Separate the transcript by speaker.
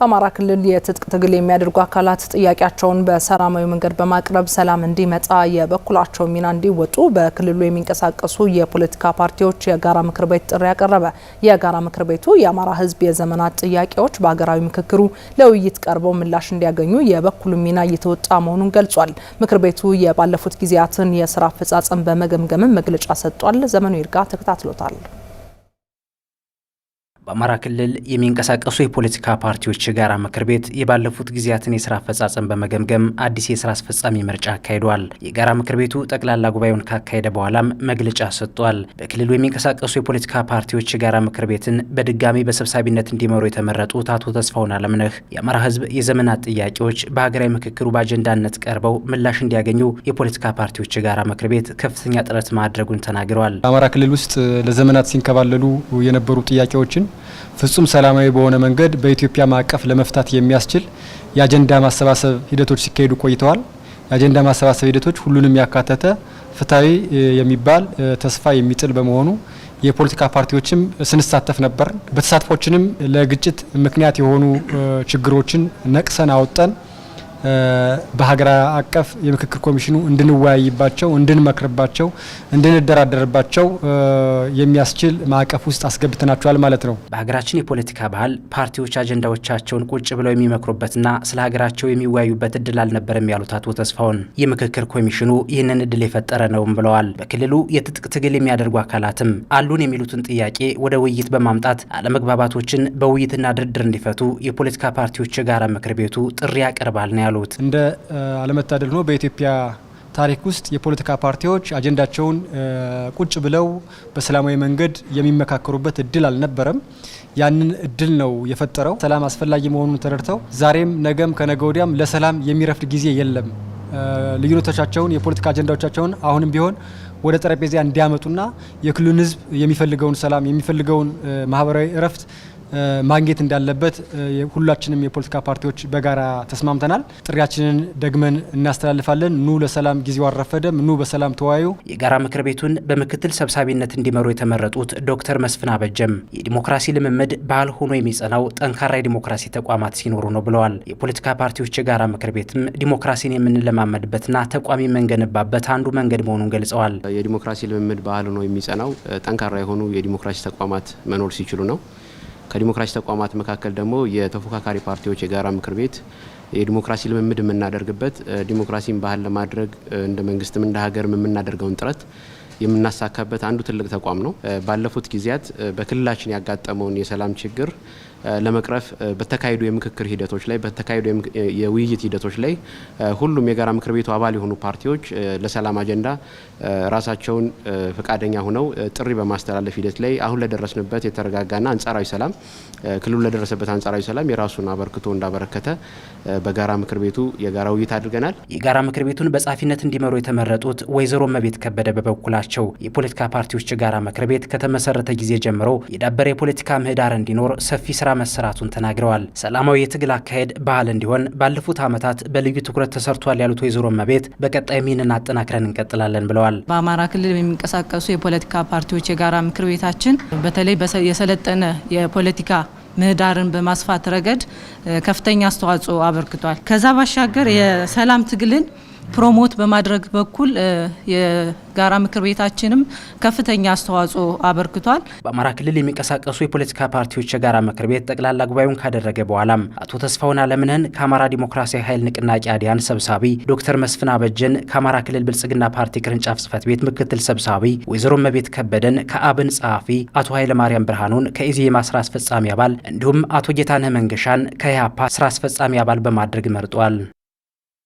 Speaker 1: በአማራ ክልል የትጥቅ ትግል የሚያደርጉ አካላት ጥያቄያቸውን በሰላማዊ መንገድ በማቅረብ ሰላም እንዲመጣ የበኩላቸው ሚና እንዲወጡ በክልሉ የሚንቀሳቀሱ የፖለቲካ ፓርቲዎች የጋራ ምክር ቤት ጥሪ ያቀረበ። የጋራ ምክር ቤቱ የአማራ ሕዝብ የዘመናት ጥያቄዎች በሀገራዊ ምክክሩ ለውይይት ቀርበው ምላሽ እንዲያገኙ የበኩሉ ሚና እየተወጣ መሆኑን ገልጿል። ምክር ቤቱ የባለፉት ጊዜያትን የስራ አፈጻጸም በመገምገምም መግለጫ ሰጥቷል። ዘመኑ ይርጋ ተከታትሎታል።
Speaker 2: በአማራ ክልል የሚንቀሳቀሱ የፖለቲካ ፓርቲዎች የጋራ ምክር ቤት የባለፉት ጊዜያትን የስራ አፈጻጸም በመገምገም አዲስ የስራ አስፈጻሚ ምርጫ አካሂዷል። የጋራ ምክር ቤቱ ጠቅላላ ጉባኤውን ካካሄደ በኋላም መግለጫ ሰጥቷል። በክልሉ የሚንቀሳቀሱ የፖለቲካ ፓርቲዎች የጋራ ምክር ቤትን በድጋሚ በሰብሳቢነት እንዲመሩ የተመረጡት አቶ ተስፋውን አለምነህ የአማራ ሕዝብ የዘመናት ጥያቄዎች በሀገራዊ ምክክሩ በአጀንዳነት ቀርበው ምላሽ እንዲያገኙ የፖለቲካ ፓርቲዎች የጋራ ምክር ቤት ከፍተኛ ጥረት ማድረጉን ተናግረዋል።
Speaker 3: አማራ ክልል ውስጥ ለዘመናት ሲንከባለሉ የነበሩ ጥያቄዎችን ፍጹም ሰላማዊ በሆነ መንገድ በኢትዮጵያ ማዕቀፍ ለመፍታት የሚያስችል የአጀንዳ ማሰባሰብ ሂደቶች ሲካሄዱ ቆይተዋል። የአጀንዳ ማሰባሰብ ሂደቶች ሁሉንም ያካተተ ፍትሐዊ የሚባል ተስፋ የሚጥል በመሆኑ የፖለቲካ ፓርቲዎችም ስንሳተፍ ነበር። በተሳትፎችንም ለግጭት ምክንያት የሆኑ ችግሮችን ነቅሰን አወጠን። በሀገር አቀፍ የምክክር ኮሚሽኑ እንድንወያይባቸው፣ እንድንመክርባቸው፣ እንድንደራደርባቸው የሚያስችል ማዕቀፍ ውስጥ አስገብተናቸዋል ማለት ነው።
Speaker 2: በሀገራችን የፖለቲካ ባህል ፓርቲዎች አጀንዳዎቻቸውን ቁጭ ብለው የሚመክሩበትና ስለ ሀገራቸው የሚወያዩበት እድል አልነበረም ያሉት አቶ ተስፋውን የምክክር ኮሚሽኑ ይህንን እድል የፈጠረ ነውም ብለዋል። በክልሉ የትጥቅ ትግል የሚያደርጉ አካላትም አሉን የሚሉትን ጥያቄ ወደ ውይይት በማምጣት አለመግባባቶችን በውይይትና ድርድር እንዲፈቱ የፖለቲካ ፓርቲዎች የጋራ ምክር ቤቱ ጥሪ ያቀርባል ነው ያሉት።
Speaker 3: እንደ አለመታደል ሆኖ በኢትዮጵያ ታሪክ ውስጥ የፖለቲካ ፓርቲዎች አጀንዳቸውን ቁጭ ብለው በሰላማዊ መንገድ የሚመካከሩበት እድል አልነበረም። ያንን እድል ነው የፈጠረው። ሰላም አስፈላጊ መሆኑን ተረድተው ዛሬም፣ ነገም፣ ከነገ ወዲያም ለሰላም የሚረፍድ ጊዜ የለም። ልዩነቶቻቸውን፣ የፖለቲካ አጀንዳዎቻቸውን አሁንም ቢሆን ወደ ጠረጴዛ እንዲያመጡና የክልሉን ሕዝብ የሚፈልገውን ሰላም የሚፈልገውን ማህበራዊ እረፍት ማግኘት እንዳለበት ሁላችንም የፖለቲካ ፓርቲዎች በጋራ ተስማምተናል። ጥሪያችንን ደግመን እናስተላልፋለን። ኑ ለሰላም ጊዜው አረፈደም፣ ኑ በሰላም ተወያዩ።
Speaker 2: የጋራ ምክር ቤቱን በምክትል ሰብሳቢነት እንዲመሩ የተመረጡት ዶክተር መስፍን አበጀም የዲሞክራሲ ልምምድ ባህል ሆኖ የሚጸናው ጠንካራ የዲሞክራሲ ተቋማት ሲኖሩ ነው ብለዋል። የፖለቲካ ፓርቲዎች የጋራ ምክር ቤትም ዲሞክራሲን የምንለማመድበትና ተቋም የምንገነባበት አንዱ መንገድ መሆኑን ገልጸዋል።
Speaker 4: የዲሞክራሲ ልምምድ ባህል ሆኖ የሚጸናው ጠንካራ የሆኑ የዲሞክራሲ ተቋማት መኖር ሲችሉ ነው። ከዲሞክራሲ ተቋማት መካከል ደግሞ የተፎካካሪ ፓርቲዎች የጋራ ምክር ቤት የዲሞክራሲ ልምምድ የምናደርግበት ዲሞክራሲን ባህል ለማድረግ እንደ መንግስትም እንደ ሀገርም የምናደርገውን ጥረት የምናሳካበት አንዱ ትልቅ ተቋም ነው። ባለፉት ጊዜያት በክልላችን ያጋጠመውን የሰላም ችግር ለመቅረፍ በተካሄዱ የምክክር ሂደቶች ላይ በተካሄዱ የውይይት ሂደቶች ላይ ሁሉም የጋራ ምክር ቤቱ አባል የሆኑ ፓርቲዎች ለሰላም አጀንዳ ራሳቸውን ፈቃደኛ ሆነው ጥሪ በማስተላለፍ ሂደት ላይ አሁን ለደረስንበት የተረጋጋና አንጻራዊ ሰላም ክልሉ ለደረሰበት አንጻራዊ ሰላም የራሱን አበርክቶ እንዳበረከተ በጋራ ምክር ቤቱ የጋራ ውይይት አድርገናል።
Speaker 2: የጋራ ምክር ቤቱን በጻፊነት እንዲመሩ የተመረጡት ወይዘሮ መቤት ከበደ በበኩላቸው ናቸው። የፖለቲካ ፓርቲዎች የጋራ ምክር ቤት ከተመሰረተ ጊዜ ጀምሮ የዳበረ የፖለቲካ ምህዳር እንዲኖር ሰፊ ስራ መሰራቱን ተናግረዋል። ሰላማዊ የትግል አካሄድ ባህል እንዲሆን ባለፉት ዓመታት በልዩ ትኩረት ተሰርቷል ያሉት ወይዘሮ መቤት በቀጣይ ሚንን አጠናክረን እንቀጥላለን ብለዋል።
Speaker 1: በአማራ ክልል የሚንቀሳቀሱ የፖለቲካ ፓርቲዎች የጋራ ምክር ቤታችን በተለይ የሰለጠነ የፖለቲካ ምህዳርን በማስፋት ረገድ ከፍተኛ አስተዋጽኦ አበርክቷል። ከዛ ባሻገር የሰላም ትግልን ፕሮሞት በማድረግ በኩል የጋራ ምክር ቤታችንም ከፍተኛ አስተዋጽኦ አበርክቷል።
Speaker 2: በአማራ ክልል የሚንቀሳቀሱ የፖለቲካ ፓርቲዎች የጋራ ምክር ቤት ጠቅላላ ጉባኤውን ካደረገ በኋላም አቶ ተስፋውን አለምነን ከአማራ ዲሞክራሲያዊ ኃይል ንቅናቄ አዲያን ሰብሳቢ፣ ዶክተር መስፍን አበጀን ከአማራ ክልል ብልጽግና ፓርቲ ቅርንጫፍ ጽህፈት ቤት ምክትል ሰብሳቢ፣ ወይዘሮ መቤት ከበደን ከአብን ጸሐፊ፣ አቶ ኃይለማርያም ብርሃኑን ከኢዜማ ስራ አስፈጻሚ አባል እንዲሁም አቶ ጌታነህ መንገሻን ከኢህአፓ ስራ አስፈጻሚ አባል በማድረግ መርጧል።